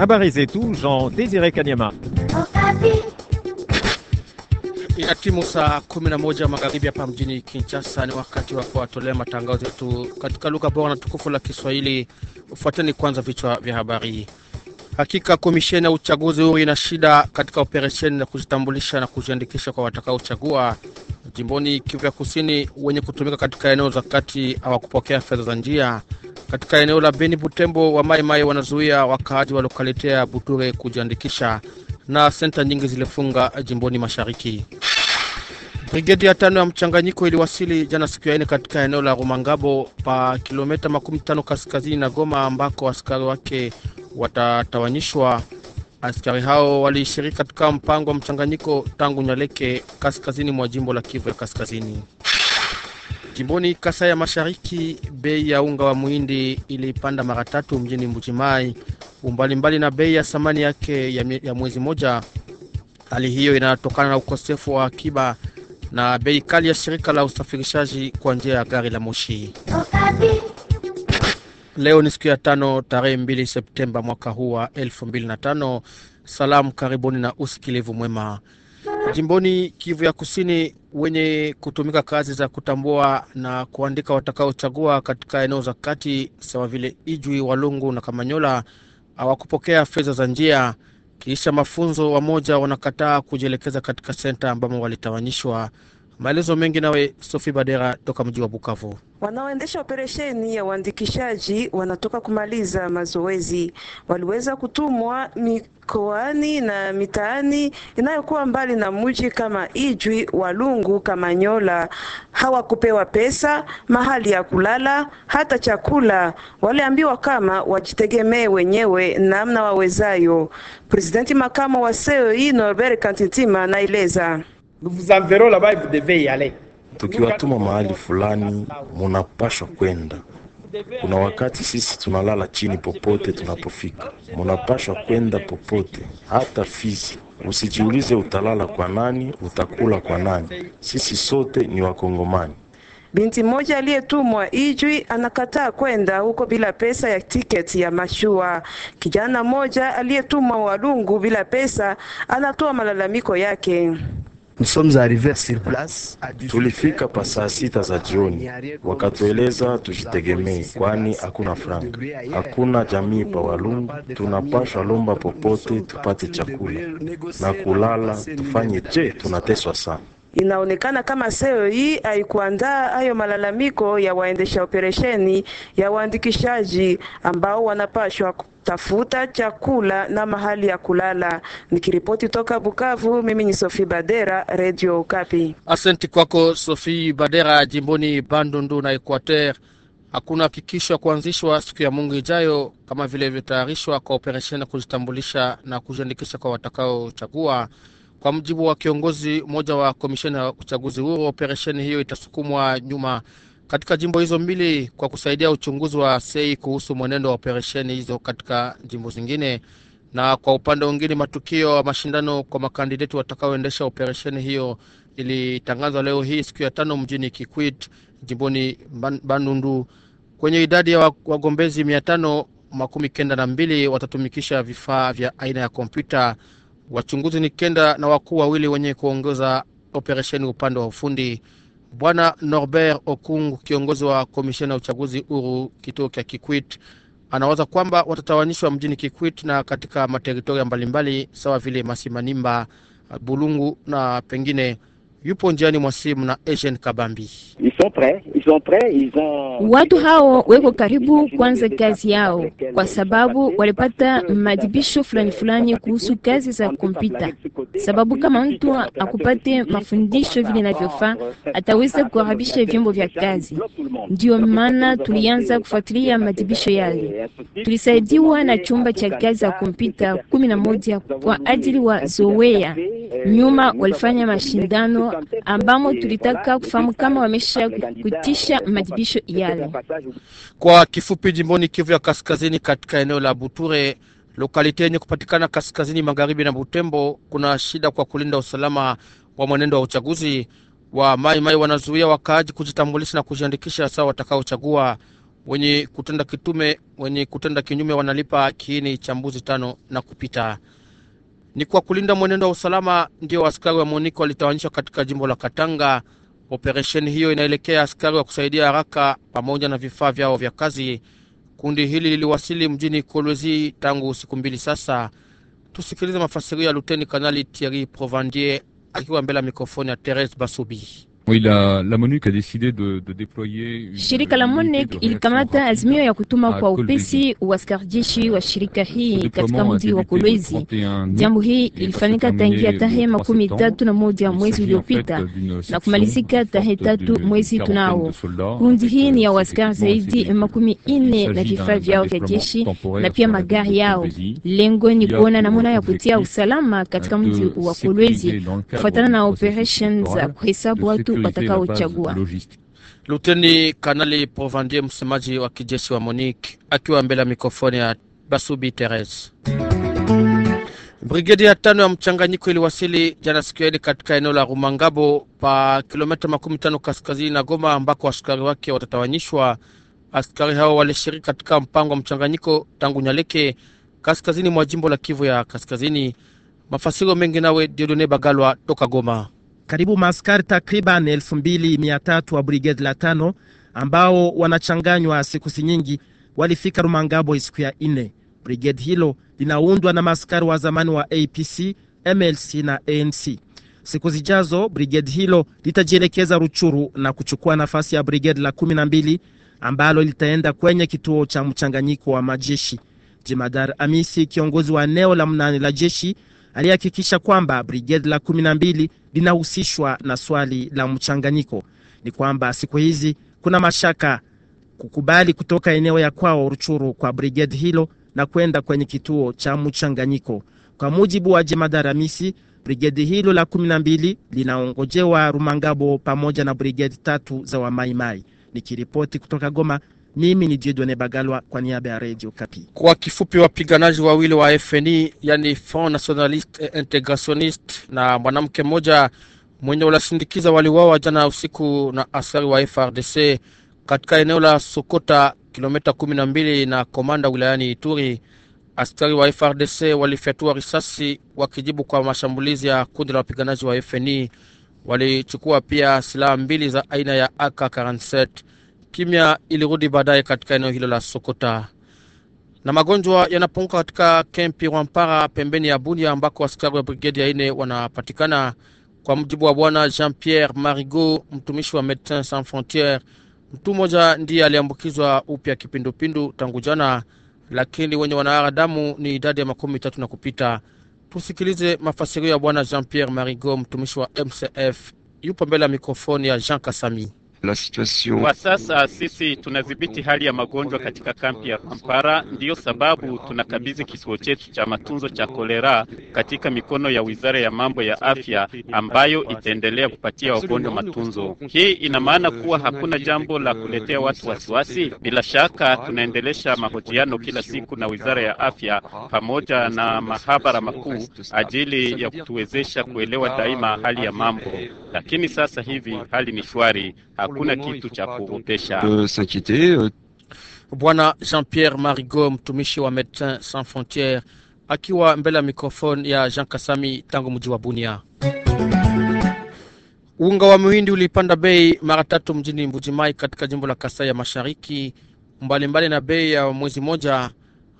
Habari Jean désiré Kanyama. Ya timu saa 11 magharibi hapa mjini Kinshasa, ni wakati wa kuwatolea matangazo yetu katika lugha bora na tukufu la Kiswahili. Ufuateni kwanza vichwa vya habari. Hakika komisheni ya uchaguzi huru ina shida katika operesheni ya kujitambulisha na kujiandikisha kwa watakaochagua jimboni Kivu ya Kusini. Wenye kutumika katika eneo za kati hawakupokea fedha za njia katika eneo la Beni Butembo, wa Mai Mai wanazuia wakaaji wa lokalite ya Buture kujiandikisha, na senta nyingi zilifunga jimboni mashariki. Brigedi ya tano ya mchanganyiko iliwasili jana siku ya ine katika eneo la Rumangabo pa kilometa makumi tano kaskazini na Goma, ambako askari wake watatawanyishwa. Askari hao walishiriki katika mpango wa mchanganyiko tangu Nyaleke, kaskazini mwa jimbo la Kivu ya kaskazini. Jimboni Kasa ya Mashariki, bei ya unga wa muhindi ilipanda mara tatu mjini Mbujimai, umbali mbali na bei ya thamani yake ya mwezi moja. Hali hiyo inatokana na ukosefu wa akiba na bei kali ya shirika la usafirishaji kwa njia ya gari la moshi. Leo ni siku ya tano tarehe 2 Septemba mwaka huu wa 2005. Salamu, karibuni na usikilivu mwema. Jimboni Kivu ya Kusini, wenye kutumika kazi za kutambua na kuandika watakaochagua katika eneo za kati sawa vile Ijwi, Walungu na Kamanyola hawakupokea fedha za njia. Kisha mafunzo, wamoja wanakataa kujielekeza katika senta ambamo walitawanyishwa. Maelezo mengi nawe Sophie Badera toka mji wa Bukavu. Wanaoendesha operesheni ya uandikishaji wanatoka kumaliza mazoezi, waliweza kutumwa mikoani na mitaani inayokuwa mbali na mji kama Ijwi, Walungu, Kamanyola. Hawakupewa pesa, mahali ya kulala, hata chakula. Waliambiwa kama wajitegemee wenyewe namna wawezayo. Presidenti makamo wa CEO Norbert Kantitima anaeleza tukiwatuma mahali fulani, munapashwa kwenda. Kuna wakati sisi tunalala chini popote tunapofika, munapashwa kwenda popote, hata Fizi. Usijiulize utalala kwa nani, utakula kwa nani. Sisi sote ni Wakongomani. Binti mmoja aliyetumwa Ijwi anakataa kwenda huko bila pesa ya tiketi ya mashua. Kijana mmoja aliyetumwa Walungu bila pesa anatoa malalamiko yake. Tulifika pa saa sita za jioni, wakatueleza tujitegemee, kwani hakuna franka, hakuna jamii pa Walungu. Tunapashwa lomba popote tupate chakula na kulala, tufanye je? Tunateswa sana. Inaonekana kama seo hii haikuandaa hayo malalamiko ya waendesha operesheni ya waandikishaji ambao wanapashwa tafuta chakula na mahali ya kulala. Nikiripoti toka Bukavu, mimi ni Sophie Badera, Radio Okapi. Asante kwako Sophie Badera. Jimboni Bandundu na Equateur hakuna hakikisho ya kuanzishwa siku ya Mungu ijayo kama vile ilivyotayarishwa kwa operesheni ya kujitambulisha na kujiandikisha kwa watakaochagua. Kwa mjibu wa kiongozi mmoja wa komisheni ya uchaguzi huru, operesheni hiyo itasukumwa nyuma katika jimbo hizo mbili kwa kusaidia uchunguzi wa sei kuhusu mwenendo wa operesheni hizo katika jimbo zingine, na kwa upande mwingine matukio ya mashindano kwa makandideti watakaoendesha operesheni hiyo ilitangazwa leo hii siku ya tano mjini Kikwit jimboni Bandundu. Kwenye idadi ya wagombezi mia tano makumi kenda na mbili watatumikisha vifaa vya aina ya kompyuta. Wachunguzi ni kenda na wakuu wawili wenye kuongoza operesheni upande wa ufundi. Bwana Norbert Okung, kiongozi wa komisheni ya uchaguzi huru kituo cha Kikwit, anawaza kwamba watatawanishwa mjini Kikwit na katika materitoria mbalimbali sawa vile Masimanimba, Bulungu na pengine yupo njiani mwa simu na Eugene Kabambi. Watu hao weko karibu kwanza kazi yao, kwa sababu walipata majibisho fulani fulani kuhusu kazi za kompyuta, sababu kama mtu akupate mafundisho vile inavyofaa ataweza kuharibisha vyombo vya kazi. Ndiyo maana tulianza kufuatilia majibisho yale. Tulisaidiwa na chumba cha kazi za kompyuta kumi na moja kwa ajili wa zoea. Nyuma walifanya mashindano ambamo tulitaka kufahamu kama wamesha kutisha majibisho yale. Kwa kifupi, jimboni Kivu ya Kaskazini, katika eneo la Buture, lokalite yenye kupatikana kaskazini magharibi na Butembo, kuna shida kwa kulinda usalama wa mwenendo wa uchaguzi wa Mai Mai. Wanazuia wakaaji kujitambulisha na kujiandikisha, sawa watakaochagua wenye kutenda kitume wenye kutenda kinyume wanalipa kiini cha mbuzi tano na kupita. Ni kwa kulinda mwenendo wa usalama ndio askari wa MONUC walitawanyishwa katika jimbo la Katanga. Operesheni hiyo inaelekea askari wa kusaidia haraka pamoja na vifaa vyao vya kazi. Kundi hili liliwasili mjini Kolwezi tangu siku mbili sasa. Tusikilize mafasirio ya Luteni Kanali Thierry Provandier akiwa mbele ya mikrofoni ya Therese Basubi. Oui, la, la MONUC a décidé de, de shirika la MONUC ilikamata azimio ya kutuma kwa upesi askari jeshi wa shirika hii katika mji wa Kolwezi. Jambo hii ilifanyika tangia tarehe makumi tatu na moja mwezi uliopita na kumalizika tarehe tatu mwezi tunao. Kundi hii ni ya waskar zaidi makumi ine na vifaa vyao vya jeshi na pia magari yao. Lengo ni kuona namna ya kutia usalama katika mji wa Kolwezi kufuatana na operation za kuhesabu watu watakaochagua. Luteni Kanali Povandie, msemaji wa kijeshi wa MONIK, akiwa mbele ya mikrofoni ya Basubi Therese. Brigedi ya tano ya mchanganyiko iliwasili jana siku yaili katika eneo la Rumangabo pa kilomita makumi tano kaskazini na Goma ambako askari wake watatawanyishwa. Askari hao walishiriki katika mpango wa mchanganyiko tangu Nyaleke kaskazini mwa jimbo la Kivu ya Kaskazini. Mafasiro mengi nawe Diodone Bagalwa toka Goma karibu maaskari takriban 2300 wa brigedi la tano ambao wanachanganywa siku si nyingi walifika Rumangabo siku ya nne. Brigedi hilo linaundwa na maaskari wa zamani wa APC, MLC na ANC. Siku zijazo brigedi hilo litajielekeza Ruchuru na kuchukua nafasi ya brigedi la 12 ambalo litaenda kwenye kituo cha mchanganyiko wa majeshi. Jemadar Amisi, kiongozi wa eneo la mnane la jeshi alihakikisha kwamba brigedi la 12 linahusishwa na swali la mchanganyiko ni kwamba siku hizi kuna mashaka kukubali kutoka eneo ya kwao Ruchuru kwa brigedi hilo na kwenda kwenye kituo cha mchanganyiko. Kwa mujibu wa Jemadari Hamisi, brigedi hilo la 12 linaongojewa Rumangabo pamoja na brigedi tatu za Wamaimai. Nikiripoti kutoka Goma, mimi ni Jedone Bagalwa kwa niaba ya Radio Kapi. Kwa kifupi, wapiganaji wawili wa FNI e, yani Front Nationaliste Integrationiste na mwanamke mmoja mwenye ulasindikiza waliuawa jana usiku na askari wa FRDC katika eneo la Sokota, kilomita 12 na Komanda wilayani Ituri. Askari wa FRDC walifyatua risasi wakijibu kwa mashambulizi ya kundi la wapiganaji wa FNI. E. Walichukua pia silaha mbili za aina ya AK 47. Kimya ilirudi baadaye katika eneo hilo la Sokota na magonjwa yanapunguka katika kempi Rwampara pembeni ya Bunia ambako askari wa brigedi ya ine wanapatikana, kwa mujibu wa bwana Jean Pierre Marigo, mtumishi wa Medecins Sans Frontieres. Mtu mmoja ndiye aliambukizwa upya kipindupindu tangu jana, lakini wenye wanaara damu ni idadi ya makumi tatu na kupita. Tusikilize mafasirio ya bwana Jean Pierre Marigo, mtumishi wa MCF, yupo mbele ya mikrofoni ya Jean Kasami. Kwa sasa sisi tunadhibiti hali ya magonjwa katika kampi ya Kampala. Ndiyo sababu tunakabidhi kituo chetu cha matunzo cha kolera katika mikono ya wizara ya mambo ya afya, ambayo itaendelea kupatia wagonjwa matunzo. Hii ina maana kuwa hakuna jambo la kuletea watu wasiwasi. Bila shaka, tunaendelesha mahojiano kila siku na wizara ya afya pamoja na mahabara makuu ajili ya kutuwezesha kuelewa daima hali ya mambo, lakini sasa hivi hali ni shwari hakuna kitu cha kuogopesha. Euh. Bwana Jean-Pierre Marigo, mtumishi wa Medecins Sans Frontieres, akiwa mbele ya mikrofoni ya Jean Kasami tangu mji wa Bunia. Unga wa muhindi ulipanda bei mara tatu mjini Mbujimai katika jimbo la Kasai ya Mashariki, mbalimbali mbali na bei ya mwezi moja.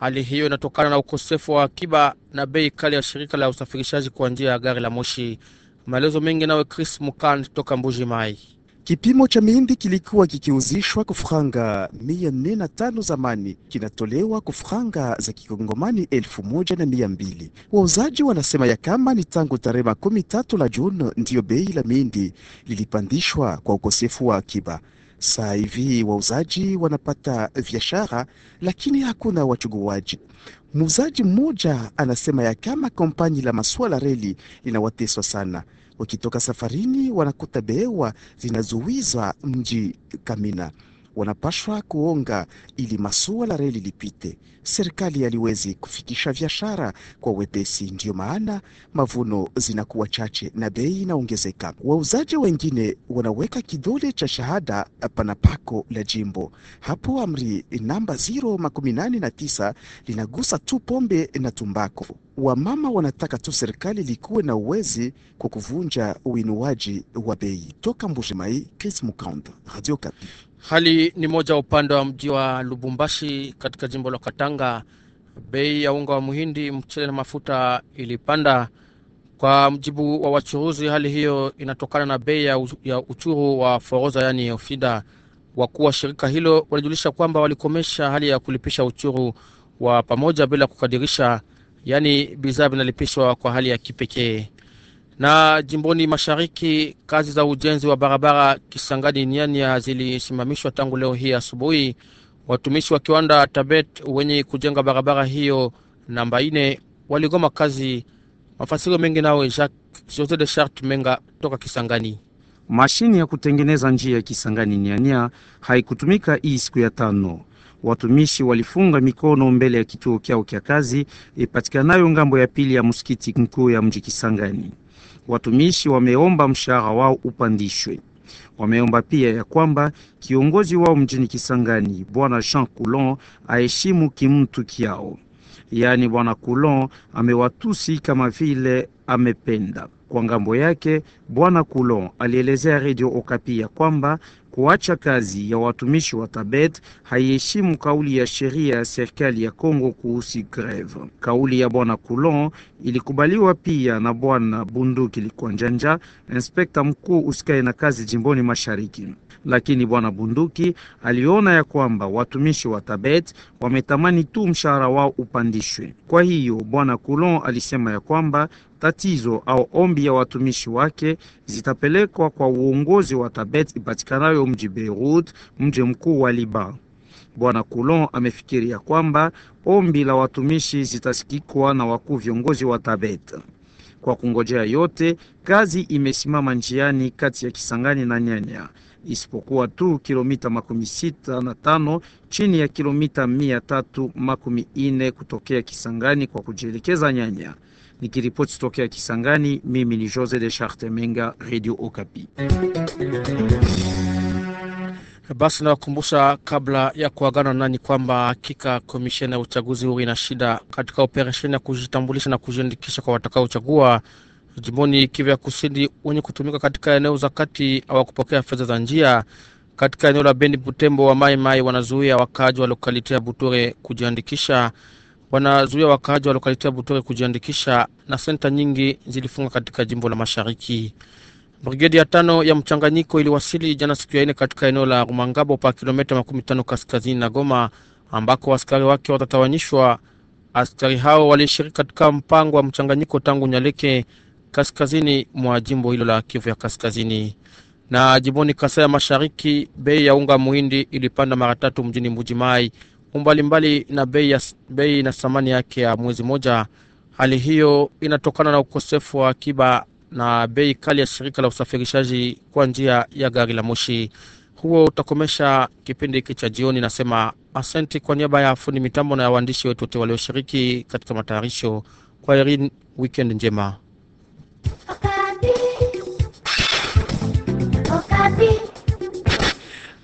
Hali hiyo inatokana na ukosefu wa akiba na bei kali ya shirika la usafirishaji kwa njia ya gari la moshi. Maelezo mengi nawe Chris Mukan toka Mbujimai. Kipimo cha mihindi kilikuwa kikiuzishwa kufranga mia nne na tano zamani, kinatolewa kufranga za kikongomani elfu moja na mia mbili. Wauzaji wanasema ya kama ni tangu tarehe makumi tatu la Juni ndiyo bei la mihindi lilipandishwa kwa ukosefu wa akiba. Saa hivi wauzaji wanapata biashara, lakini hakuna wachuguaji. Muuzaji mmoja anasema ya kama kompanyi la masuala reli linawateswa sana wakitoka safarini wanakuta behewa zinazuizwa mji Kamina wanapashwa kuonga ili masuala reli lipite. Serikali haliwezi kufikisha biashara kwa wepesi, ndiyo maana mavuno zinakuwa chache na bei inaongezeka. Wauzaji wengine wanaweka kidole cha shahada panapako la jimbo. Hapo amri namba 089 linagusa tu pombe na tumbako. Wamama wanataka tu serikali likuwe na uwezi kwa kuvunja uinuaji wa bei. Toka Mbushimai, Chris Radio Kapi. Hali ni moja upande wa mji wa Lubumbashi katika jimbo la Katanga. Bei ya unga wa muhindi, mchele na mafuta ilipanda. Kwa mjibu wa wachuruzi, hali hiyo inatokana na bei ya uchuru wa foroza yani ofida. Wakuu wa shirika hilo walijulisha kwamba walikomesha hali ya kulipisha uchuru wa pamoja bila kukadirisha, yani bidhaa vinalipishwa kwa hali ya kipekee. Na jimboni mashariki, kazi za ujenzi wa barabara Kisangani Nyanya zilisimamishwa tangu leo hii asubuhi. Watumishi wa kiwanda Tabet wenye kujenga barabara hiyo namba ine waligoma kazi. Mafasiro mengi nawe Jacques Jose de Chart Menga toka Kisangani. Mashini ya kutengeneza njia ya Kisangani Nyanya haikutumika hii siku ya tano. Watumishi walifunga mikono mbele ya kituo kyao kya kazi ipatikanayo ngambo ya pili ya msikiti mkuu ya mji Kisangani watumishi wameomba mshahara wao upandishwe. Wameomba pia ya kwamba kiongozi wao mjini Kisangani bwana Jean Coulon aheshimu kimtu kyao, yaani bwana Coulon amewatusi kama vile amependa kwa ngambo yake bwana Coulon alielezea redio Okapi ya kwamba kuacha kazi ya watumishi wa Tabet haiheshimu kauli ya sheria ya serikali ya Kongo kuhusu greve. Kauli ya bwana Coulon ilikubaliwa pia na bwana Bunduki Likwanjanja, inspekta mkuu usikae na kazi jimboni Mashariki. Lakini bwana Bunduki aliona ya kwamba watumishi wa Tabet wametamani tu mshahara wao upandishwe. Kwa hiyo bwana Coulon alisema ya kwamba tatizo au ombi ya watumishi wake zitapelekwa kwa uongozi wa Tabet ipatikanayo mji Beirut, mji mkuu wa Liban. Bwana Coulon amefikiria kwamba ombi la watumishi zitasikikwa na wakuu viongozi wa Tabet. Kwa kungojea yote, kazi imesimama njiani kati ya Kisangani na Nyanya, isipokuwa tu kilomita makumi sita na tano chini ya kilomita mia tatu makumi ine kutokea Kisangani kwa kujielekeza Nyanya. Nikiripoti tokea Kisangani, mimi ni Jose de Charte Menga, Radio Okapi. Basi nawakumbusha kabla ya kuagana nani kwamba hakika komisheni ya uchaguzi huu ina shida katika operesheni ya kujitambulisha na kujiandikisha kwa watakaochagua jimboni Kivu ya Kusini. Wenye kutumika katika eneo za kati hawakupokea fedha za njia. Katika eneo la Beni Butembo wa Mai Mai wanazuia wakaaji wa lokalite ya buture kujiandikisha wanazuia wakaaji wa lokaliti ya Butore kujiandikisha na senta nyingi zilifunga katika jimbo la Mashariki. Brigedi ya tano ya mchanganyiko iliwasili jana siku ya ine katika eneo la Rumangabo pa kilomita makumi tano kaskazini na Goma ambako askari wake watatawanyishwa. Askari hao walishiriki katika mpango wa mchanganyiko tangu Nyaleke kaskazini mwa jimbo hilo la Kivu ya kaskazini. Na jimboni Kasai ya Mashariki, bei ya unga muhindi ilipanda mara tatu mjini Mbujimai umbali mbali na bei, ya, bei na thamani yake ya mwezi moja Hali hiyo inatokana na ukosefu wa akiba na bei kali ya shirika la usafirishaji kwa njia ya gari la moshi. Huo utakomesha kipindi hiki cha jioni. Nasema asante kwa niaba ya fundi mitambo na ya waandishi wetu wote walioshiriki katika matayarisho. Kwa herini, wikendi njema. Okapi. Okapi.